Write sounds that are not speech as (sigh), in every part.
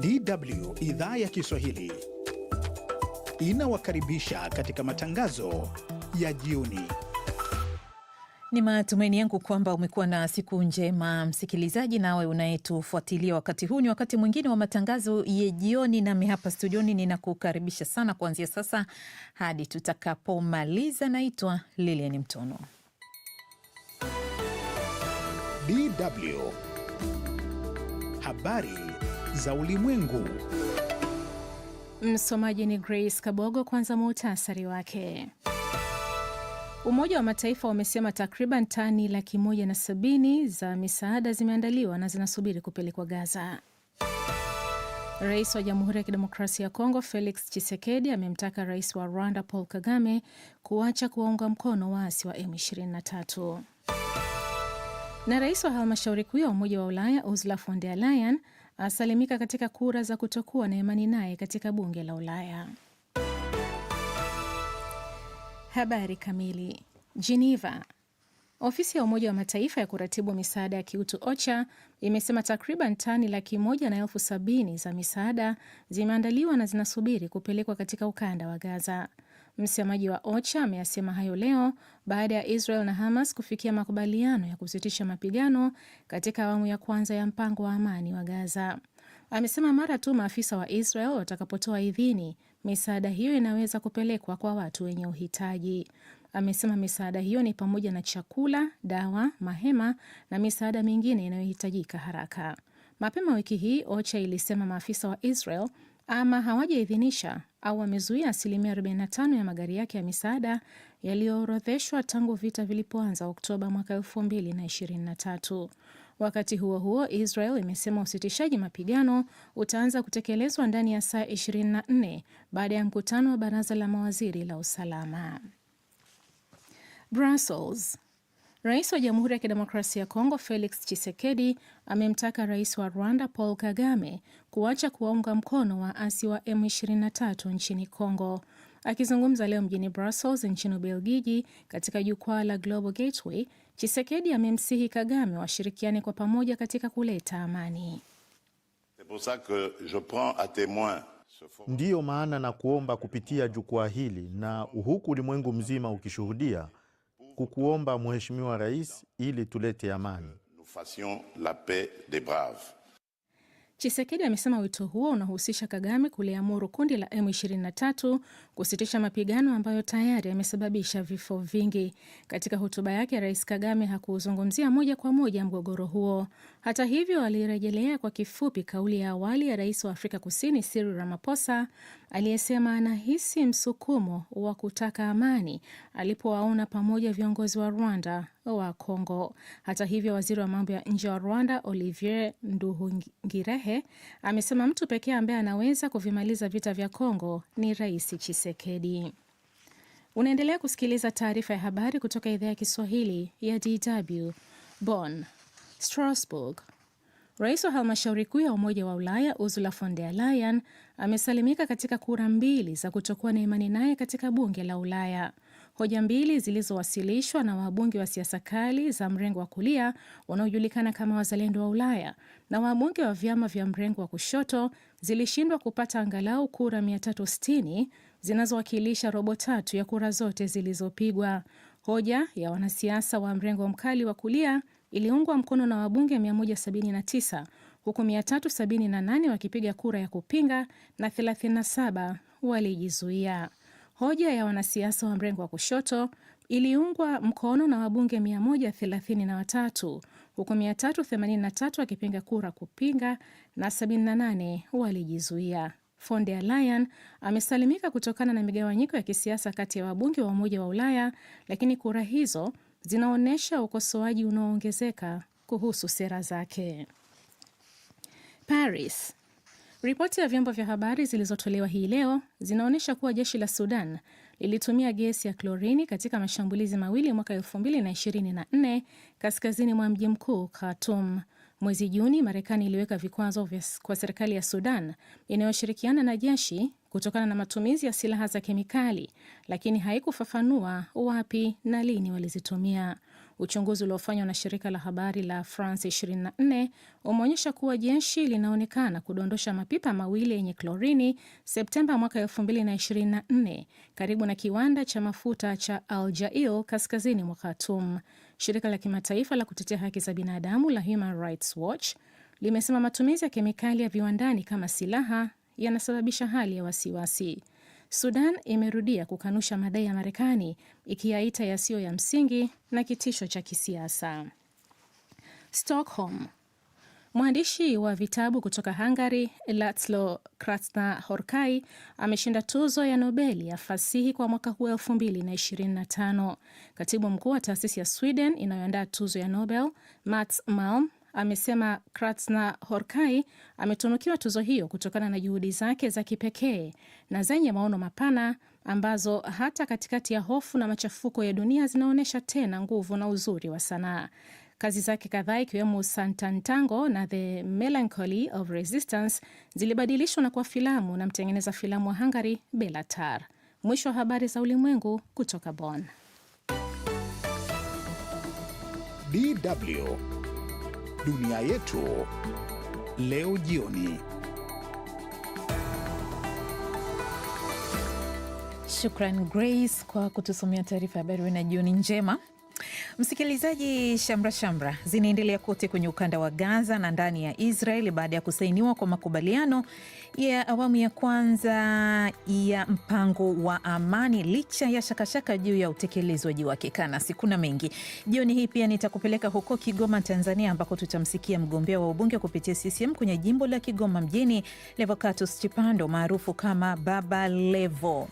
DW idhaa ya Kiswahili inawakaribisha katika matangazo ya jioni. Ni matumaini yangu kwamba umekuwa na siku njema msikilizaji, nawe unayetufuatilia wakati huu. Ni wakati mwingine wa matangazo ya jioni, nami hapa studioni ninakukaribisha sana kuanzia sasa hadi tutakapomaliza. Naitwa Lilian Mtono. DW habari za ulimwengu. Msomaji ni Grace Kabogo. Kwanza muhtasari wake. Umoja wa Mataifa umesema takriban tani laki moja na sabini za misaada zimeandaliwa na zinasubiri kupelekwa Gaza. Rais wa Jamhuri ya Kidemokrasia ya Kongo Felix Tshisekedi amemtaka rais wa Rwanda Paul Kagame kuacha kuwaunga mkono waasi wa M23. Na rais wa halmashauri kuu ya Umoja wa Ulaya Ursula von der Leyen asalimika katika kura za kutokuwa na imani naye katika bunge la Ulaya. Habari kamili. Geneva. Ofisi ya Umoja wa Mataifa ya kuratibu misaada ya kiutu OCHA imesema takriban tani laki moja na elfu sabini za misaada zimeandaliwa na zinasubiri kupelekwa katika ukanda wa Gaza. Msemaji wa OCHA ameyasema hayo leo baada ya Israel na Hamas kufikia makubaliano ya kusitisha mapigano katika awamu ya kwanza ya mpango wa amani wa Gaza. Amesema mara tu maafisa wa Israel watakapotoa idhini, misaada hiyo inaweza kupelekwa kwa watu wenye uhitaji. Amesema misaada hiyo ni pamoja na chakula, dawa, mahema na misaada mingine inayohitajika haraka. Mapema wiki hii OCHA ilisema maafisa wa Israel ama hawajaidhinisha au wamezuia asilimia 45 ya magari yake ya misaada yaliyoorodheshwa tangu vita vilipoanza Oktoba mwaka 2023. Wakati huo huo, Israel imesema usitishaji mapigano utaanza kutekelezwa ndani ya saa 24 baada ya mkutano wa baraza la mawaziri la usalama. Brussels. Rais wa Jamhuri ya Kidemokrasia ya Kongo Felix Tshisekedi amemtaka Rais wa Rwanda Paul Kagame kuacha kuwaunga mkono waasi wa M23 nchini Kongo. Akizungumza leo mjini Brussels nchini Ubelgiji katika jukwaa la Global Gateway, Tshisekedi amemsihi Kagame washirikiane kwa pamoja katika kuleta amani. Ndiyo maana na kuomba kupitia jukwaa hili na huku ulimwengu mzima ukishuhudia kukuomba Mheshimiwa Rais ili tulete amani. Chisekedi amesema wito huo unahusisha Kagame kuliamuru kundi la M23 kusitisha mapigano ambayo tayari yamesababisha vifo vingi. Katika hotuba yake, Rais Kagame hakuuzungumzia moja kwa moja mgogoro huo. Hata hivyo, alirejelea kwa kifupi kauli ya awali ya Rais wa Afrika Kusini Cyril Ramaphosa aliyesema anahisi msukumo wa kutaka amani alipowaona pamoja viongozi wa Rwanda wa congo Hata hivyo, waziri wa mambo ya nje wa Rwanda Olivier Nduhungirehe amesema mtu pekee ambaye anaweza kuvimaliza vita vya Kongo ni Rais chisekedi Unaendelea kusikiliza taarifa ya habari kutoka idhaa ya Kiswahili ya DW Bonn, Strasbourg. Rais wa halmashauri kuu ya Umoja wa Ulaya Ursula von der Leyen amesalimika katika kura mbili za kutokuwa na imani naye katika bunge la Ulaya. Hoja mbili zilizowasilishwa na wabunge wa siasa kali za mrengo wa kulia wanaojulikana kama wazalendo wa Ulaya na wabunge wa vyama vya mrengo wa kushoto zilishindwa kupata angalau kura 360 zinazowakilisha robo tatu ya kura zote zilizopigwa. Hoja ya wanasiasa wa mrengo mkali wa kulia iliungwa mkono na wabunge 179 huku 378 wakipiga kura ya kupinga na 37 walijizuia. Hoja ya wanasiasa wa mrengo wa kushoto iliungwa mkono na wabunge 133 huku 383 wakipiga kura kupinga na 78 walijizuia. Von der Leyen amesalimika kutokana na migawanyiko ya kisiasa kati ya wabunge wa Umoja wa Ulaya, lakini kura hizo zinaonyesha ukosoaji unaoongezeka kuhusu sera zake. Paris. Ripoti ya vyombo vya habari zilizotolewa hii leo zinaonyesha kuwa jeshi la Sudan lilitumia gesi ya klorini katika mashambulizi mawili mwaka 2024 kaskazini mwa mji mkuu Khartoum. Mwezi Juni, Marekani iliweka vikwazo kwa serikali ya Sudan inayoshirikiana na jeshi kutokana na matumizi ya silaha za kemikali, lakini haikufafanua wapi na lini walizitumia. Uchunguzi uliofanywa na shirika la habari la France 24 umeonyesha kuwa jeshi linaonekana kudondosha mapipa mawili yenye klorini Septemba mwaka 2024 karibu na kiwanda cha mafuta cha Al Jail kaskazini mwa Khartoum. Shirika la kimataifa la kutetea haki za binadamu la Human Rights Watch limesema matumizi ya kemikali ya viwandani kama silaha yanasababisha hali ya wasiwasi. Sudan imerudia kukanusha madai ya Marekani ikiyaita yasiyo ya msingi na kitisho cha kisiasa. Stockholm. Mwandishi wa vitabu kutoka Hungary, Laszlo Krasna-Horkai ameshinda tuzo ya Nobeli ya fasihi kwa mwaka huu tano. Katibu mkuu wa taasisi ya Sweden inayoandaa tuzo ya Nobel, Mats Malm, amesema kratsna Horkai ametunukiwa tuzo hiyo kutokana na juhudi zake za kipekee na zenye maono mapana ambazo hata katikati ya hofu na machafuko ya dunia zinaonyesha tena nguvu na uzuri wa sanaa. Kazi zake kadhaa ikiwemo Santantango na The Melancholy of Resistance zilibadilishwa na kuwa filamu na mtengeneza filamu wa Hungary belatar Mwisho wa habari za ulimwengu kutoka Bonn. DW Dunia Yetu leo jioni. Shukran Grace kwa kutusomea taarifa ya habari. Na jioni njema. Msikilizaji, shamra shamra zinaendelea kote kwenye ukanda wa Gaza na ndani ya Israeli baada ya kusainiwa kwa makubaliano ya awamu ya kwanza ya mpango wa amani licha ya shakashaka juu ya utekelezwaji wake. kana kuna mengi jioni hii. Pia nitakupeleka huko Kigoma, Tanzania, ambako tutamsikia mgombea wa ubunge kupitia CCM kwenye jimbo la Kigoma Mjini, Levocatus Chipando maarufu kama Baba Levo.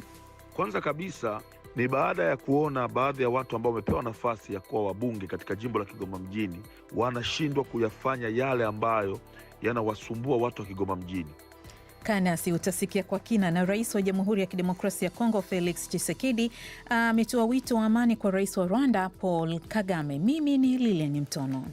Kwanza kabisa ni baada ya kuona baadhi ya watu ambao wamepewa nafasi ya kuwa wabunge katika jimbo la Kigoma mjini wanashindwa kuyafanya yale ambayo yanawasumbua watu wa Kigoma mjini. kanasi utasikia kwa kina. Na rais wa Jamhuri ya Kidemokrasia ya Kongo Felix Tshisekedi ametoa wito wa amani kwa rais wa Rwanda Paul Kagame. Mimi ni Lilian Mtono.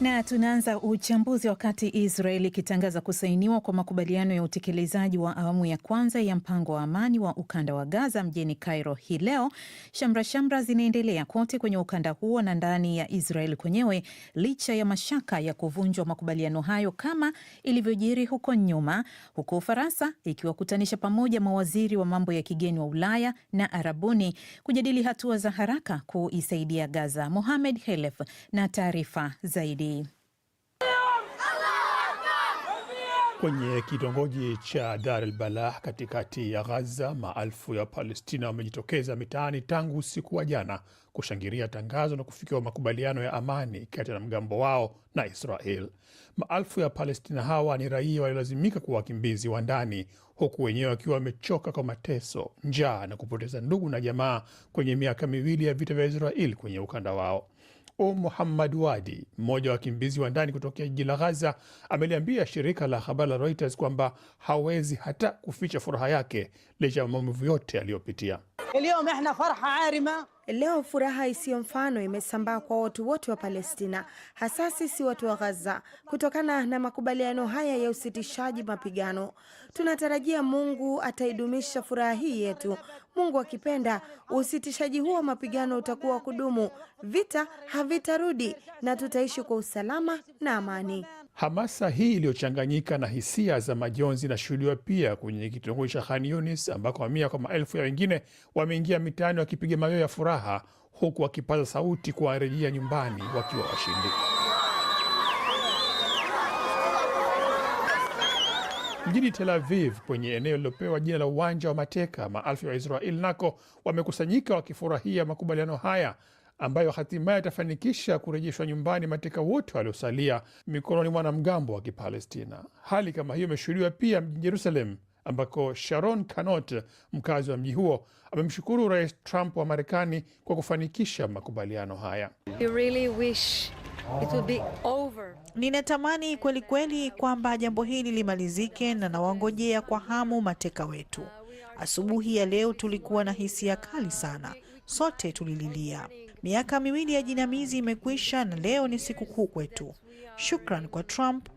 Na tunaanza uchambuzi wakati Israel ikitangaza kusainiwa kwa makubaliano ya utekelezaji wa awamu ya kwanza ya mpango wa amani wa ukanda wa Gaza mjini Cairo hii leo. Shamra shamra zinaendelea kote kwenye ukanda huo na ndani ya Israel kwenyewe, licha ya mashaka ya kuvunjwa makubaliano hayo kama ilivyojiri huko nyuma, huku Ufaransa ikiwakutanisha pamoja mawaziri wa mambo ya kigeni wa Ulaya na Arabuni kujadili hatua za haraka kuisaidia Gaza. Mohamed Helef na taarifa zaidi. Kwenye kitongoji cha Dar el Balah katikati ya ghaza maelfu ya Palestina wamejitokeza mitaani tangu usiku wa jana kushangilia tangazo na kufikiwa makubaliano ya amani kati ya wanamgambo wao na Israel. Maelfu ya Palestina hawa ni raia waliolazimika kuwa wakimbizi wa ndani, huku wenyewe wakiwa wamechoka kwa mateso, njaa na kupoteza ndugu na jamaa kwenye miaka miwili ya vita vya Israel kwenye ukanda wao. O Muhammad Wadi, mmoja wa wakimbizi wa ndani kutokea jiji la Ghaza, ameliambia shirika la habari la Reuters kwamba hawezi hata kuficha furaha yake licha ya maumivu yote aliyopitia. Leo furaha isiyo mfano imesambaa kwa watu wote wa Palestina, hasa sisi watu wa Gaza, kutokana na makubaliano haya ya usitishaji mapigano. Tunatarajia Mungu ataidumisha furaha hii yetu. Mungu akipenda, usitishaji huo wa mapigano utakuwa wa kudumu, vita havitarudi na tutaishi kwa usalama na amani. Hamasa hii iliyochanganyika na hisia za majonzi inashuhudiwa pia kwenye kitongoji cha Khan Yunis ambako mamia kwa maelfu ya wengine wameingia mitaani wakipiga mayowe ya furaha furaha, huku wakipaza sauti kuwarejea nyumbani wakiwa washindi. Mjini Tel Aviv, kwenye eneo lililopewa jina la uwanja wa mateka, maelfu ya Waisraeli nako wamekusanyika wakifurahia makubaliano haya ambayo hatimaye yatafanikisha kurejeshwa nyumbani mateka wote waliosalia mikononi mwa wanamgambo wa Kipalestina. Hali kama hiyo imeshuhudiwa pia mjini Jerusalem ambako Sharon Canot, mkazi wa mji huo, amemshukuru Rais Trump wa Marekani kwa kufanikisha makubaliano haya. Ninatamani kweli kweli kwamba jambo hili limalizike na nawangojea kwa hamu mateka wetu. Asubuhi ya leo tulikuwa na hisia kali sana, sote tulililia. Miaka miwili ya jinamizi imekwisha na leo ni sikukuu kwetu. Shukran kwa Trump,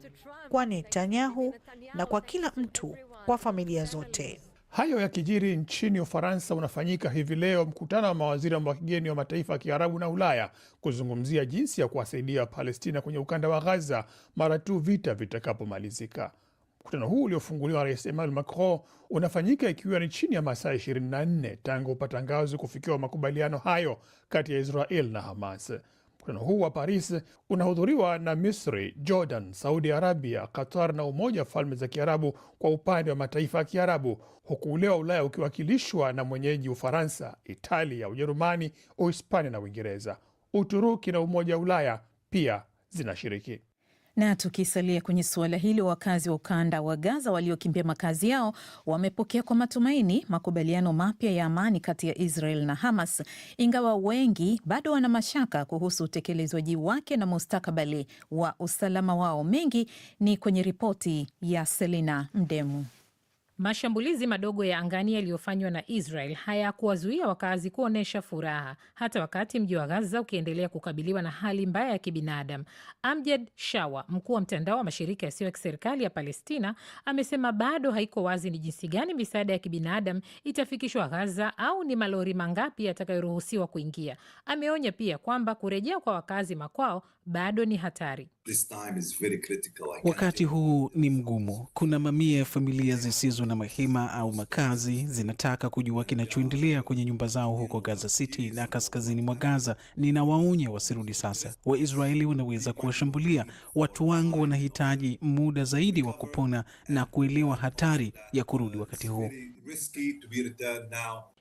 kwa Netanyahu na kwa kila mtu kwa familia zote. Hayo ya kijiri nchini Ufaransa, unafanyika hivi leo mkutano wa mawaziri wa kigeni wa mataifa ya Kiarabu na Ulaya kuzungumzia jinsi ya kuwasaidia Palestina kwenye ukanda wa Ghaza mara tu vita vitakapomalizika. Mkutano huu uliofunguliwa Rais Emmanuel Macron unafanyika ikiwa ni chini ya masaa 24 tangu upatangazi kufikiwa makubaliano hayo kati ya Israel na Hamas. Mkutano huu wa Paris unahudhuriwa na Misri, Jordan, Saudi Arabia, Qatar na Umoja wa Falme za Kiarabu kwa upande wa mataifa ya Kiarabu, huku ule wa Ulaya ukiwakilishwa na mwenyeji Ufaransa, Italia, Ujerumani, Uhispania na Uingereza. Uturuki na Umoja wa Ulaya pia zinashiriki. Na tukisalia kwenye suala hilo, wakazi wa ukanda wa Gaza waliokimbia makazi yao wamepokea kwa matumaini makubaliano mapya ya amani kati ya Israel na Hamas, ingawa wengi bado wana mashaka kuhusu utekelezwaji wake na mustakabali wa usalama wao. Mengi ni kwenye ripoti ya Selina Mdemu. Mashambulizi madogo ya angani yaliyofanywa na Israel hayakuwazuia wakazi kuonyesha furaha hata wakati mji wa Gaza ukiendelea kukabiliwa na hali mbaya ya kibinadamu. Amjad Shawa, mkuu wa mtandao wa mashirika yasiyo ya kiserikali ya Palestina, amesema bado haiko wazi ni jinsi gani misaada ya kibinadamu itafikishwa Gaza au ni malori mangapi yatakayoruhusiwa kuingia. Ameonya pia kwamba kurejea kwa wakazi makwao bado ni hatari. Wakati huu ni mgumu, kuna mamia ya familia zisizo na mahema au makazi zinataka kujua kinachoendelea kwenye nyumba zao huko Gaza City na kaskazini mwa Gaza. Ninawaonya wasirudi sasa, Waisraeli wanaweza kuwashambulia. Watu wangu wanahitaji muda zaidi wa kupona na kuelewa hatari ya kurudi wakati huu.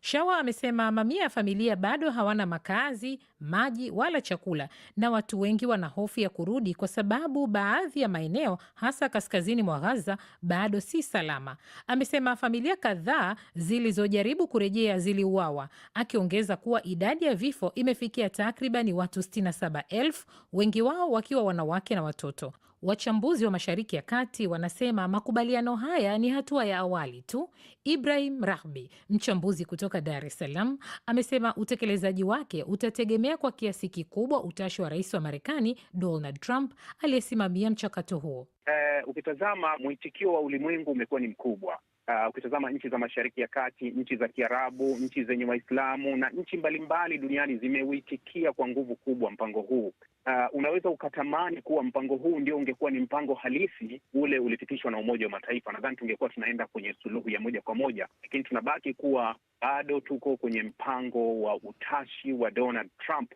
Shawa amesema mamia ya familia bado hawana makazi, maji wala chakula, na watu wengi wana hofu ya kurudi kwa sababu baadhi ya maeneo hasa kaskazini mwa Gaza bado si salama. Amesema familia kadhaa zilizojaribu kurejea ziliuawa, akiongeza kuwa idadi ya vifo imefikia takribani watu 67,000, wengi wao wakiwa wanawake na watoto. Wachambuzi wa Mashariki ya Kati wanasema makubaliano haya ni hatua ya awali tu. Ibrahim Rahbi, mchambuzi kutoka Dar es Salaam, amesema utekelezaji wake utategemea kwa kiasi kikubwa utashi wa rais wa Marekani Donald Trump aliyesimamia mchakato huo. Uh, ukitazama mwitikio wa ulimwengu umekuwa ni mkubwa Uh, ukitazama nchi za Mashariki ya Kati, nchi za Kiarabu, nchi zenye Waislamu na nchi mbalimbali duniani zimeuitikia kwa nguvu kubwa mpango huu. Uh, unaweza ukatamani kuwa mpango huu ndio ungekuwa ni mpango halisi ule ulipitishwa na Umoja wa Mataifa. Nadhani tungekuwa tunaenda kwenye suluhu ya moja kwa moja, lakini tunabaki kuwa bado tuko kwenye mpango wa utashi wa Donald Trump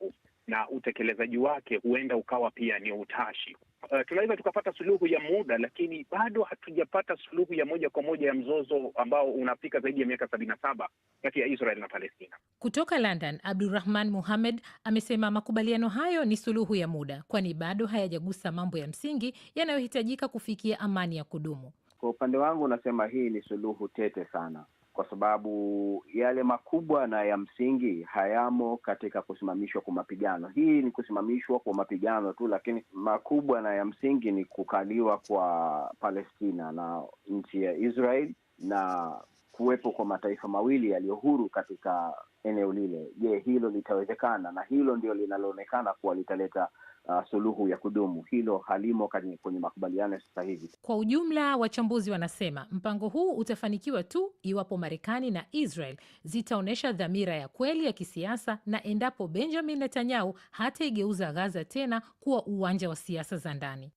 na utekelezaji wake huenda ukawa pia ni utashi. Uh, tunaweza tukapata suluhu ya muda, lakini bado hatujapata suluhu ya moja kwa moja ya mzozo ambao unafika zaidi ya miaka sabini na saba kati ya Israel na Palestina. Kutoka London, Abdurahman Muhamed amesema makubaliano hayo ni suluhu ya muda, kwani bado hayajagusa mambo ya msingi yanayohitajika kufikia amani ya kudumu. Kwa upande wangu, unasema hii ni suluhu tete sana kwa sababu yale makubwa na ya msingi hayamo katika kusimamishwa kwa mapigano. Hii ni kusimamishwa kwa mapigano tu, lakini makubwa na ya msingi ni kukaliwa kwa Palestina na nchi ya Israel na kuwepo kwa mataifa mawili yaliyo huru katika eneo lile. Je, hilo litawezekana? Na hilo ndio linaloonekana kuwa litaleta uh, suluhu ya kudumu. Hilo halimo kwenye makubaliano ya sasa hivi. Kwa ujumla, wachambuzi wanasema mpango huu utafanikiwa tu iwapo Marekani na Israel zitaonyesha dhamira ya kweli ya kisiasa na endapo Benjamin Netanyahu hataigeuza Gaza tena kuwa uwanja wa siasa za ndani.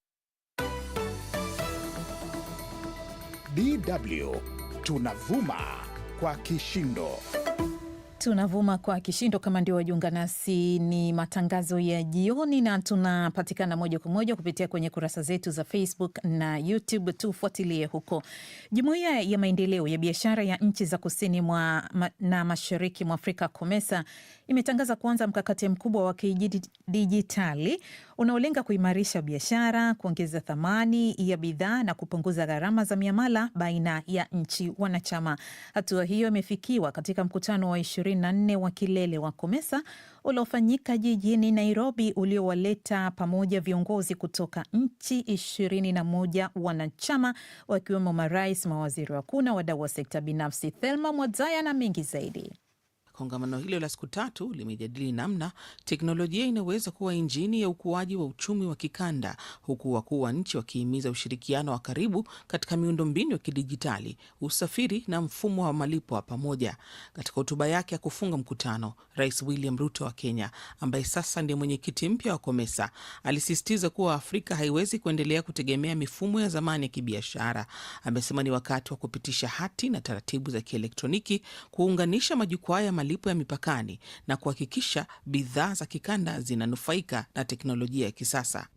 DW tunavuma kwa kishindo. Tunavuma kwa kishindo. Kama ndio wajiunga nasi, ni matangazo ya jioni na tunapatikana moja kwa moja kupitia kwenye kurasa zetu za Facebook na YouTube. Tufuatilie huko. Jumuiya ya maendeleo ya biashara ya nchi za kusini mwa na mashariki mwa Afrika, COMESA, imetangaza kuanza mkakati mkubwa wa kidijitali unaolenga kuimarisha biashara, kuongeza thamani ya bidhaa na kupunguza gharama za miamala baina ya nchi wanachama. Hatua hiyo imefikiwa katika mkutano wa 24 wa kilele wa COMESA uliofanyika jijini Nairobi, uliowaleta pamoja viongozi kutoka nchi 21 wanachama wakiwemo marais, mawaziri wakuu na wadau wa sekta binafsi. Thelma Mwadzaya na mengi zaidi. Kongamano hilo la siku tatu limejadili namna teknolojia inaweza kuwa injini ya ukuaji wa uchumi wa kikanda, huku wakuu wa nchi wakihimiza ushirikiano wa karibu katika miundombinu ya kidijitali, usafiri na mfumo wa malipo wa pamoja. Katika hotuba yake ya kufunga mkutano, Rais William Ruto wa Kenya, ambaye sasa ndiye mwenyekiti mpya wa COMESA, alisisitiza kuwa Afrika haiwezi kuendelea kutegemea mifumo ya zamani ya kibiashara. Amesema ni wakati wa kupitisha hati na taratibu za kielektroniki, kuunganisha majukwaa ya malipo ya mipakani na kuhakikisha bidhaa za kikanda zinanufaika na teknolojia ya kisasa.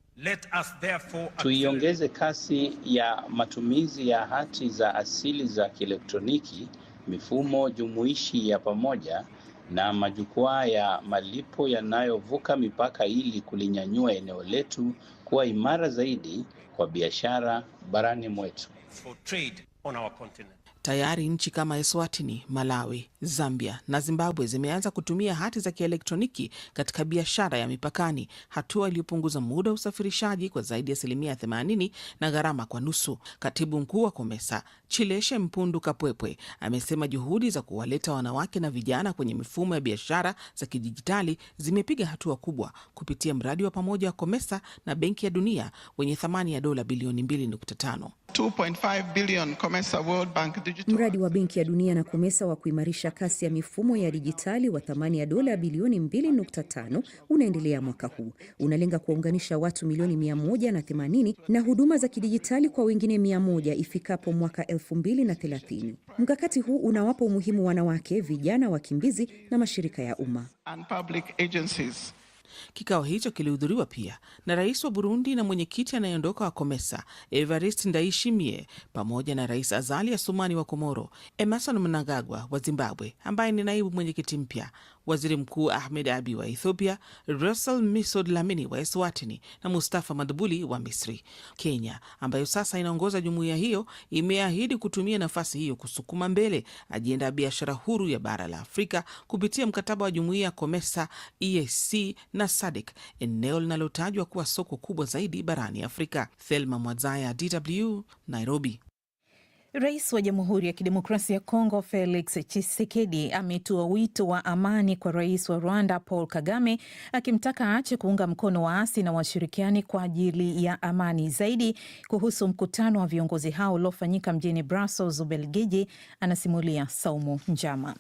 Tuiongeze kasi ya matumizi ya hati za asili za kielektroniki, mifumo jumuishi ya pamoja na majukwaa ya malipo yanayovuka mipaka ili kulinyanyua eneo letu kuwa imara zaidi kwa biashara barani mwetu. Tayari nchi kama Eswatini, Malawi, Zambia na Zimbabwe zimeanza kutumia hati za kielektroniki katika biashara ya mipakani, hatua iliyopunguza muda wa usafirishaji kwa zaidi ya asilimia 80 na gharama kwa nusu. Katibu mkuu wa COMESA Chileshe Mpundu Kapwepwe amesema juhudi za kuwaleta wanawake na vijana kwenye mifumo ya biashara za kidijitali zimepiga hatua kubwa kupitia mradi wa pamoja wa COMESA na Benki ya Dunia wenye thamani ya dola bilioni 2.5. Mradi wa Benki ya Dunia na COMESA wa kuimarisha kasi ya mifumo ya dijitali wa thamani ya dola bilioni 2.5 unaendelea mwaka huu. Unalenga kuwaunganisha watu milioni 180 na huduma za kidijitali kwa wengine 100 ifikapo mwaka 2030. Mkakati huu unawapa umuhimu wanawake, vijana wakimbizi na mashirika ya umma. Kikao hicho kilihudhuriwa pia na rais wa Burundi na mwenyekiti anayeondoka wa Komesa evarist ndaishimie pamoja na rais Azali Asumani wa Komoro, Emerson Mnangagwa wa Zimbabwe ambaye ni naibu mwenyekiti mpya waziri mkuu Ahmed Abi wa Ethiopia, Russell Misod Lamini wa Eswatini na Mustafa madhubuli wa Misri. Kenya ambayo sasa inaongoza jumuiya hiyo imeahidi kutumia nafasi hiyo kusukuma mbele ajenda ya biashara huru ya bara la Afrika kupitia mkataba wa jumuiya ya COMESA, EAC na sadic eneo linalotajwa kuwa soko kubwa zaidi barani Afrika. Thelma Mwazaya, DW, Nairobi. Rais wa Jamhuri ya Kidemokrasia ya Kongo Felix Tshisekedi ametoa wito wa amani kwa rais wa Rwanda Paul Kagame, akimtaka aache kuunga mkono waasi na washirikiani kwa ajili ya amani. Zaidi kuhusu mkutano wa viongozi hao uliofanyika mjini Brussels, Ubelgiji, anasimulia Saumu Njama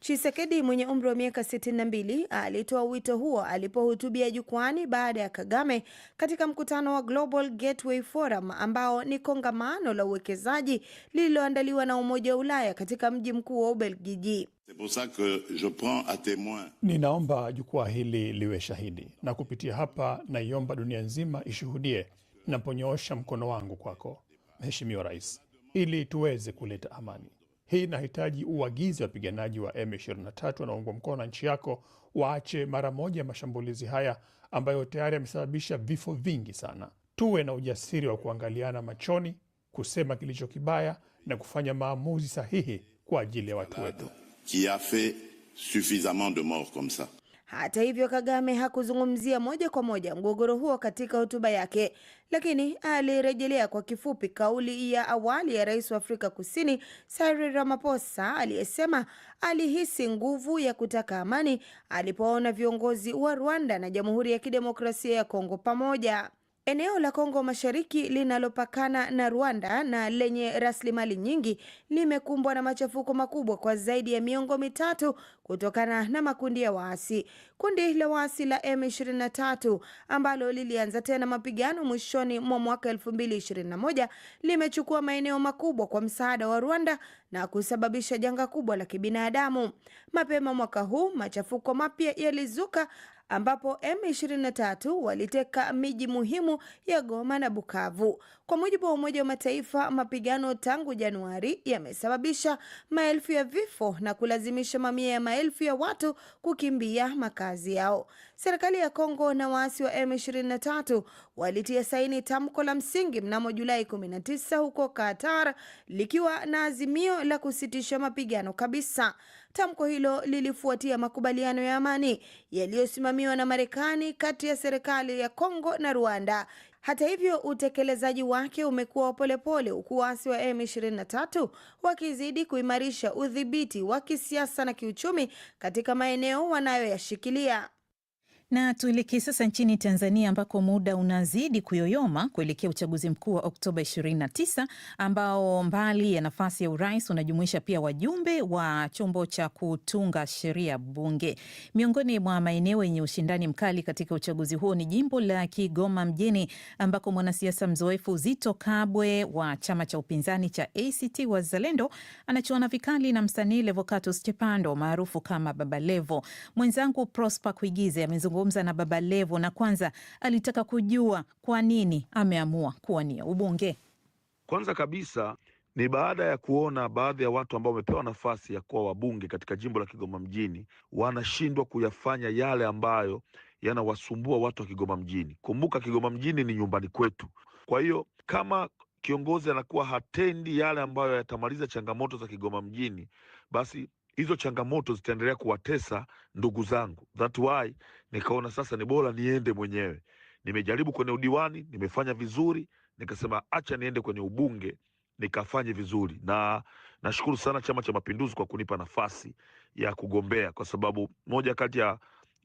chisekedi mwenye umri wa miaka 62 alitoa wito huo alipohutubia jukwani baada ya Kagame katika mkutano wa Global Gateway Forum ambao ni kongamano la uwekezaji lililoandaliwa na Umoja wa Ulaya katika mji mkuu wa Ubelgiji. Ninaomba jukwaa hili liwe shahidi na kupitia hapa naiomba dunia nzima ishuhudie naponyoosha mkono wangu kwako Mheshimiwa Rais ili tuweze kuleta amani. Hii inahitaji uagizi wapiganaji wa M23 wanaungwa mkono na nchi yako waache mara moja mashambulizi haya ambayo tayari yamesababisha vifo vingi sana. Tuwe na ujasiri wa kuangaliana machoni, kusema kilicho kibaya na kufanya maamuzi sahihi kwa ajili ya watu wetu. qui a fait suffisamment de morts comme ça hata hivyo, Kagame hakuzungumzia moja kwa moja mgogoro huo katika hotuba yake, lakini alirejelea kwa kifupi kauli ya awali ya Rais wa Afrika Kusini Cyril Ramaphosa aliyesema alihisi nguvu ya kutaka amani alipoona viongozi wa Rwanda na Jamhuri ya Kidemokrasia ya Kongo pamoja. Eneo la Kongo Mashariki linalopakana na Rwanda na lenye rasilimali nyingi limekumbwa na machafuko makubwa kwa zaidi ya miongo mitatu kutokana na makundi ya waasi. Kundi la waasi la M23 ambalo lilianza tena mapigano mwishoni mwa mwaka 2021 limechukua maeneo makubwa kwa msaada wa Rwanda na kusababisha janga kubwa la kibinadamu. Mapema mwaka huu machafuko mapya yalizuka ambapo M23 waliteka miji muhimu ya Goma na Bukavu. Kwa mujibu wa Umoja wa Mataifa, mapigano tangu Januari yamesababisha maelfu ya vifo na kulazimisha mamia ya maelfu ya watu kukimbia makazi yao. Serikali ya Kongo na waasi wa M23 walitia saini tamko la msingi mnamo Julai 19 huko Qatar likiwa na azimio la kusitisha mapigano kabisa. Tamko hilo lilifuatia makubaliano ya amani yaliyosimamiwa na Marekani kati ya serikali ya Kongo na Rwanda. Hata hivyo, utekelezaji wake umekuwa wa polepole huku waasi wa M23 wakizidi kuimarisha udhibiti wa kisiasa na kiuchumi katika maeneo wanayoyashikilia. Na tuelekee sasa nchini Tanzania ambako muda unazidi kuyoyoma kuelekea uchaguzi mkuu wa Oktoba 29 ambao mbali ya nafasi ya urais unajumuisha pia wajumbe wa chombo cha kutunga sheria Bunge. Miongoni mwa maeneo yenye ushindani mkali katika uchaguzi huo ni jimbo la Kigoma Mjini ambako mwanasiasa mzoefu zito Kabwe wa chama cha upinzani cha ACT Wazalendo anachuana vikali na msanii Levocatus Chepando maarufu kama Baba Levo. Mwenzangu Prosper Kuigize amezungumza amezungumza na Baba Levo na kwanza alitaka kujua kwa nini ameamua kuwania ubunge. Kwanza kabisa ni baada ya kuona baadhi ya watu ambao wamepewa nafasi ya kuwa wabunge katika jimbo la Kigoma mjini wanashindwa kuyafanya yale ambayo yanawasumbua watu wa Kigoma mjini. Kumbuka Kigoma mjini ni nyumbani kwetu. Kwa hiyo kama kiongozi anakuwa hatendi yale ambayo yatamaliza changamoto za Kigoma mjini, basi hizo changamoto zitaendelea kuwatesa ndugu zangu. That why nikaona sasa ni bora niende mwenyewe. Nimejaribu kwenye udiwani, nimefanya vizuri, nikasema acha niende kwenye ubunge nikafanye vizuri, na nashukuru sana Chama cha Mapinduzi kwa kunipa nafasi ya kugombea, kwa sababu moja kati ya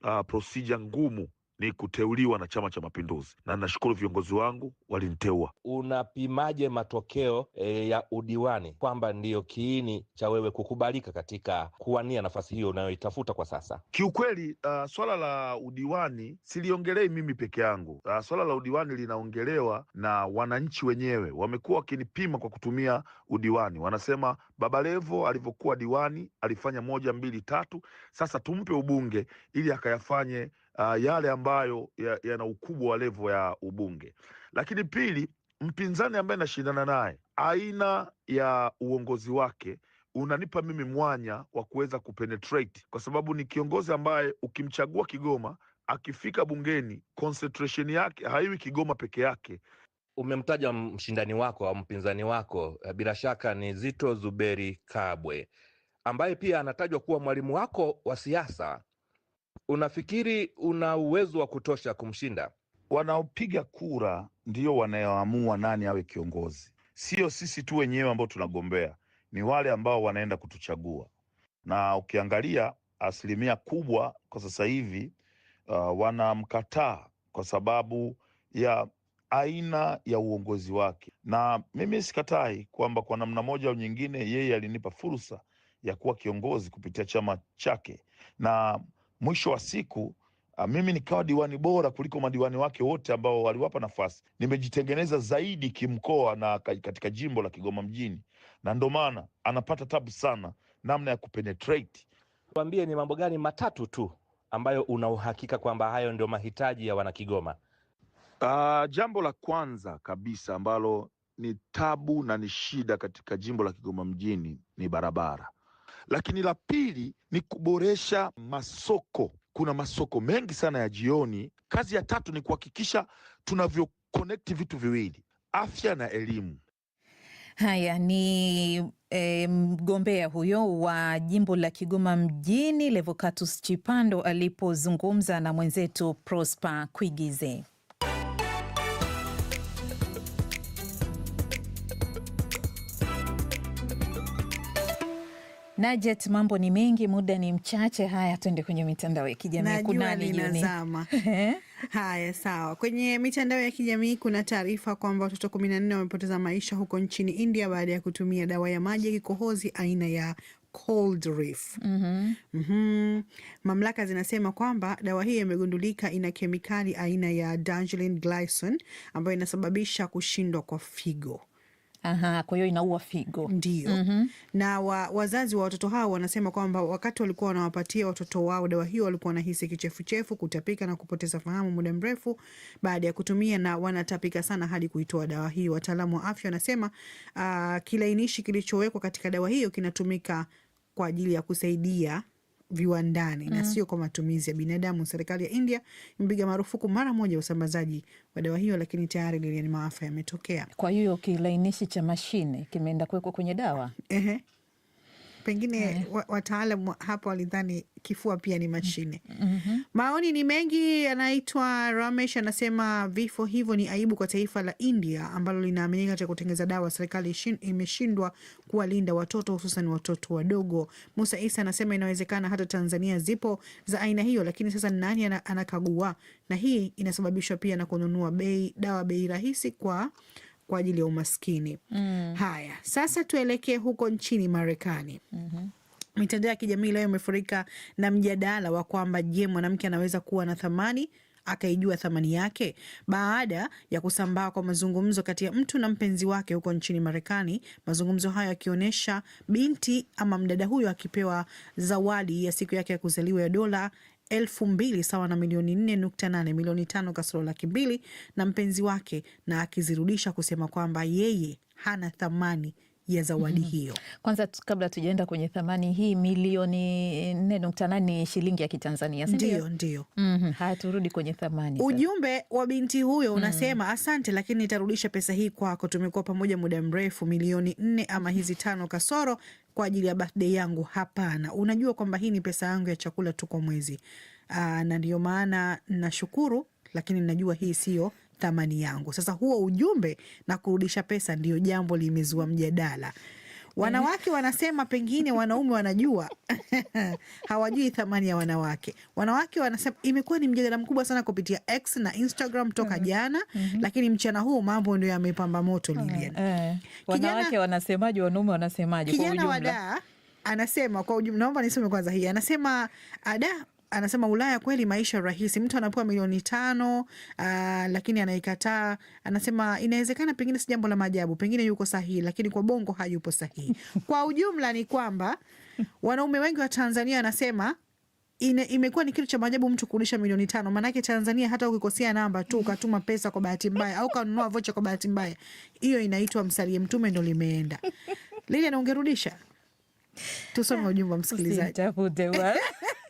uh, procedure ngumu ni kuteuliwa na Chama cha Mapinduzi, na nashukuru viongozi wangu waliniteua. Unapimaje matokeo e, ya udiwani kwamba ndiyo kiini cha wewe kukubalika katika kuwania nafasi hiyo unayoitafuta kwa sasa? Kiukweli, uh, swala la udiwani siliongelei mimi peke yangu. Uh, swala la udiwani linaongelewa na wananchi wenyewe, wamekuwa wakinipima kwa kutumia udiwani, wanasema Baba Levo alivyokuwa diwani alifanya moja mbili tatu. Sasa tumpe ubunge ili akayafanye uh, yale ambayo yana ya ukubwa wa levo ya ubunge. Lakini pili, mpinzani ambaye nashindana naye, aina ya uongozi wake unanipa mimi mwanya wa kuweza kupenetrate, kwa sababu ni kiongozi ambaye ukimchagua Kigoma akifika bungeni concentration yake haiwi Kigoma peke yake, Umemtaja mshindani wako au mpinzani wako, eh, bila shaka ni Zito Zuberi Kabwe ambaye pia anatajwa kuwa mwalimu wako wa siasa. Unafikiri una uwezo wa kutosha kumshinda? Wanaopiga kura ndio wanayoamua nani awe kiongozi, sio sisi tu wenyewe ambao tunagombea, ni wale ambao wanaenda kutuchagua. Na ukiangalia asilimia kubwa kwa sasa hivi uh, wanamkataa kwa sababu ya aina ya uongozi wake, na mimi sikatai kwamba kwa namna moja au nyingine yeye alinipa fursa ya kuwa kiongozi kupitia chama chake, na mwisho wa siku a, mimi nikawa diwani bora kuliko madiwani wake wote ambao waliwapa nafasi. Nimejitengeneza zaidi kimkoa na katika jimbo la Kigoma mjini, na ndio maana anapata tabu sana namna ya kupenetrate. Tuambie ni mambo gani matatu tu ambayo una uhakika kwamba hayo ndio mahitaji ya wanakigoma? Uh, jambo la kwanza kabisa ambalo ni tabu na ni shida katika jimbo la Kigoma mjini ni barabara, lakini la pili ni kuboresha masoko. Kuna masoko mengi sana ya jioni. Kazi ya tatu ni kuhakikisha tunavyo connect vitu viwili, afya na elimu. Haya ni e, mgombea huyo wa jimbo la Kigoma mjini Levocatus Chipando alipozungumza na mwenzetu Prosper Kwigize. Najet, mambo ni mengi, muda ni mchache. Haya, twende kwenye mitandao ya kijamii. Kuna nini (laughs) eh? Haya, sawa. Kwenye mitandao ya kijamii kuna taarifa kwamba watoto kumi na nne wamepoteza maisha huko nchini India baada ya kutumia dawa ya maji ya kikohozi aina ya Cold Reef. Mm -hmm. Mm -hmm. Mamlaka zinasema kwamba dawa hii imegundulika ina kemikali aina ya Dangelin Glycine ambayo inasababisha kushindwa kwa figo. Aha, kwa hiyo inaua figo ndio. mm -hmm. Na wa, wazazi wa watoto hao wanasema kwamba wakati walikuwa wanawapatia watoto wao dawa hiyo walikuwa wanahisi kichefuchefu, kutapika na kupoteza fahamu muda mrefu baada ya kutumia, na wanatapika sana hadi kuitoa dawa hiyo. Wataalamu wa afya wanasema uh, kilainishi kilichowekwa katika dawa hiyo kinatumika kwa ajili ya kusaidia viwandani na mm. sio kwa matumizi ya binadamu. Serikali ya India imepiga marufuku mara moja usambazaji wa dawa hiyo, lakini tayari liliani maafa yametokea. Kwa hiyo kilainishi cha mashine kimeenda kuwekwa kwenye dawa. Ehe pengine yeah. Wataalam hapa walidhani kifua pia ni mashine mm -hmm. Maoni ni mengi. Anaitwa Ramesh anasema vifo hivyo ni aibu kwa taifa la India ambalo linaaminika katika kutengeza dawa. Serikali imeshindwa kuwalinda watoto, hususan watoto wadogo. Musa Isa anasema inawezekana hata Tanzania zipo za aina hiyo, lakini sasa nani anakagua? Na hii inasababishwa pia na kununua bei dawa bei rahisi kwa kwa ajili ya umaskini mm. Haya, sasa tuelekee huko nchini Marekani mm -hmm. Mitandao ya kijamii leo imefurika na mjadala wa kwamba je, mwanamke anaweza kuwa na thamani akaijua thamani yake baada ya kusambaa kwa mazungumzo kati ya mtu na mpenzi wake huko nchini Marekani. Mazungumzo hayo yakionyesha binti ama mdada huyo akipewa zawadi ya siku yake ya kuzaliwa ya dola elfu mbili sawa na milioni 4.8 milioni tano kasoro laki mbili na mpenzi wake, na akizirudisha kusema kwamba yeye hana thamani ya zawadi mm -hmm. hiyo. Kwanza kabla tujaenda kwenye thamani hii, milioni nne nukta nane ni shilingi ya Kitanzania, ndio ndio. mm -hmm. Haya, turudi kwenye thamani. Ujumbe wa binti huyo mhm. unasema mm -hmm. asante, lakini nitarudisha pesa hii kwako, tumekuwa pamoja muda mrefu. Milioni nne ama hizi tano kasoro kwa ajili ya birthday yangu. Hapana, unajua kwamba hii ni pesa yangu ya chakula tu kwa mwezi. Aa, ah, na ndio maana nashukuru, lakini najua hii siyo thamani yangu. Sasa huo ujumbe na kurudisha pesa ndiyo jambo limezua mjadala. Wanawake wanasema pengine wanaume wanajua (laughs) hawajui thamani ya wanawake. Wanawake wanasema, imekuwa ni mjadala mkubwa sana kupitia X na Instagram toka mm-hmm. jana mm -hmm. lakini mchana huu mambo ndio yamepamba moto Lilian. eh. eh. Wanawake wanasemaje, wanaume wanasemaje Kijana wada anasema kwa ujumla, naomba nisome kwanza hii. Anasema ada anasema Ulaya kweli maisha rahisi, mtu anapewa milioni tano uh, lakini anaikataa. Anasema inawezekana pengine si jambo la maajabu, pengine yuko sahihi, lakini kwa bongo hayupo sahihi. Kwa ujumla ni kwamba wanaume wengi wa Tanzania anasema imekuwa ni kitu cha maajabu mtu kurudisha milioni tano. Maanake Tanzania hata ukikosea namba tu ukatuma pesa kwa bahati mbaya au kanunua vocha kwa bahati mbaya, hiyo inaitwa msalie mtume, ndo limeenda lile, na ungerudisha. Tusome ujumbe wa msikilizaji (laughs)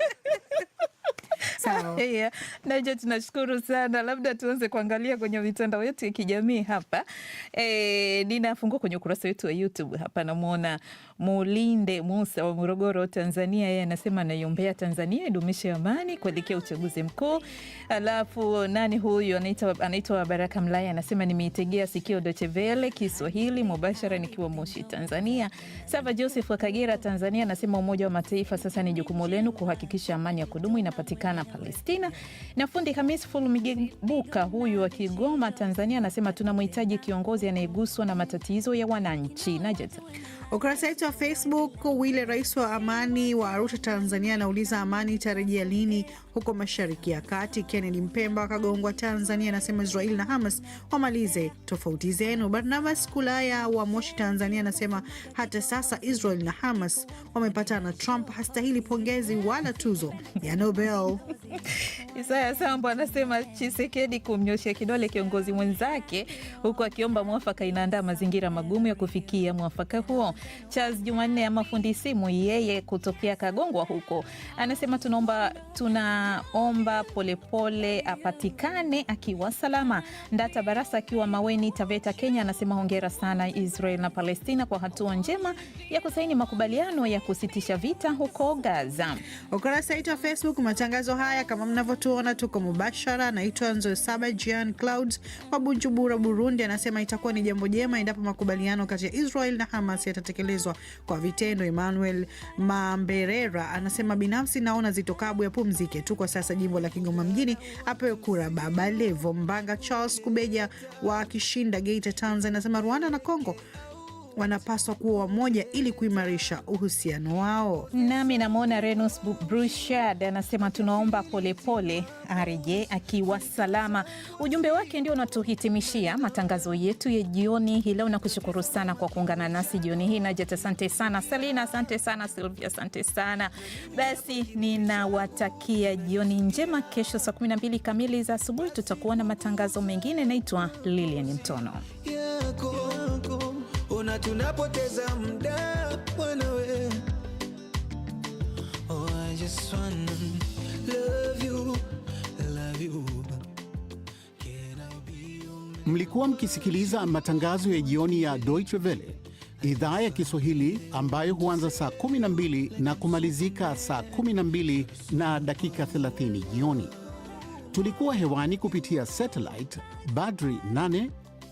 Sawa. (laughs) Yeah. Naja, tunashukuru sana, labda tuanze kuangalia kwenye mitandao yetu ya kijamii hapa. E, ninafungua kwenye ukurasa wetu wa YouTube hapa, namwona Mulinde Musa wa Morogoro, Tanzania, yeye anasema anaiombea Tanzania idumishe amani kuelekea uchaguzi mkuu. Alafu nani huyu anaitwa anaitwa Baraka Mlaya anasema nimeitegea sikio Deutsche Welle Kiswahili mubashara nikiwa Moshi, Tanzania. Sava Joseph wa Kagera, Tanzania anasema Umoja wa Mataifa sasa ni jukumu lenu kuhakikisha amani ya kudumu inapatikana Palestina. Na fundi Hamis Ful Migebuka huyu wa Kigoma, Tanzania anasema tunamhitaji kiongozi anayeguswa na matatizo ya wananchi. na jeta. Ukurasa wetu wa Facebook, wile rais wa amani wa Arusha Tanzania anauliza amani itarejea lini? Huko mashariki ya kati, Kennedy Mpemba kagongwa Tanzania anasema Israeli na Hamas wamalize tofauti zenu. Barnabas Kulaya wa Moshi, Tanzania anasema hata sasa Israel na Hamas wamepatana, Trump hastahili pongezi wala tuzo ya Nobel. (laughs) Isaya Sambo anasema Chisekedi kumnyoshia kidole kiongozi mwenzake, huku akiomba mwafaka inaandaa mazingira magumu ya kufikia mwafaka huo. Charles Jumanne ya mafundi simu, yeye kutokea Kagongwa huko, anasema tunaomba tuna tunaomba Polepole apatikane akiwa salama. Ndata Barasa akiwa Maweni, Taveta, Kenya, anasema hongera sana Israel na Palestina kwa hatua njema ya kusaini makubaliano ya kusitisha vita huko Gaza. Ukurasa wetu wa Facebook, matangazo haya kama mnavyotuona, tuko mubashara. Anaitwa Nzo Saba Jean Clouds wa Bujumbura, Burundi, anasema itakuwa ni jambo jema endapo makubaliano kati ya Israel na Hamas yatatekelezwa kwa vitendo. Emmanuel Mamberera anasema binafsi naona zitokabwe apumzike tu tu kwa sasa jimbo la Kigoma mjini apewe kura Baba Levo. Mbanga Charles Kubeja wa Kishinda, Geita, Tanzania, anasema Rwanda na Kongo wanapaswa kuwa wamoja ili kuimarisha uhusiano wao. Nami namwona Renus Brushad anasema tunaomba polepole areje akiwa salama. Ujumbe wake ndio unatuhitimishia matangazo yetu ya jioni hii leo, Nakushukuru sana kwa kuungana nasi jioni hii. Najat, asante sana. Salina, asante sana. Silvia, asante sana. Basi ninawatakia jioni njema. Kesho saa 12 kamili za asubuhi tutakuwa na matangazo mengine. Naitwa Lilian Mtono mbona tunapoteza muda bwana we oh, I just wanna love you, love you. Mlikuwa mkisikiliza matangazo ya jioni ya Deutsche Welle idhaa ya Kiswahili ambayo huanza saa 12 na kumalizika saa 12 na dakika 30 jioni. Tulikuwa hewani kupitia satellite Badri 8,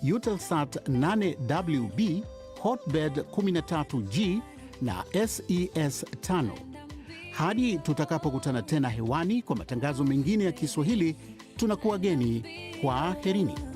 Eutelsat 8 WB Hotbed 13G na SES 5. E Hadi tutakapokutana tena hewani kwa matangazo mengine ya Kiswahili, tunakuwa geni. kwa herini.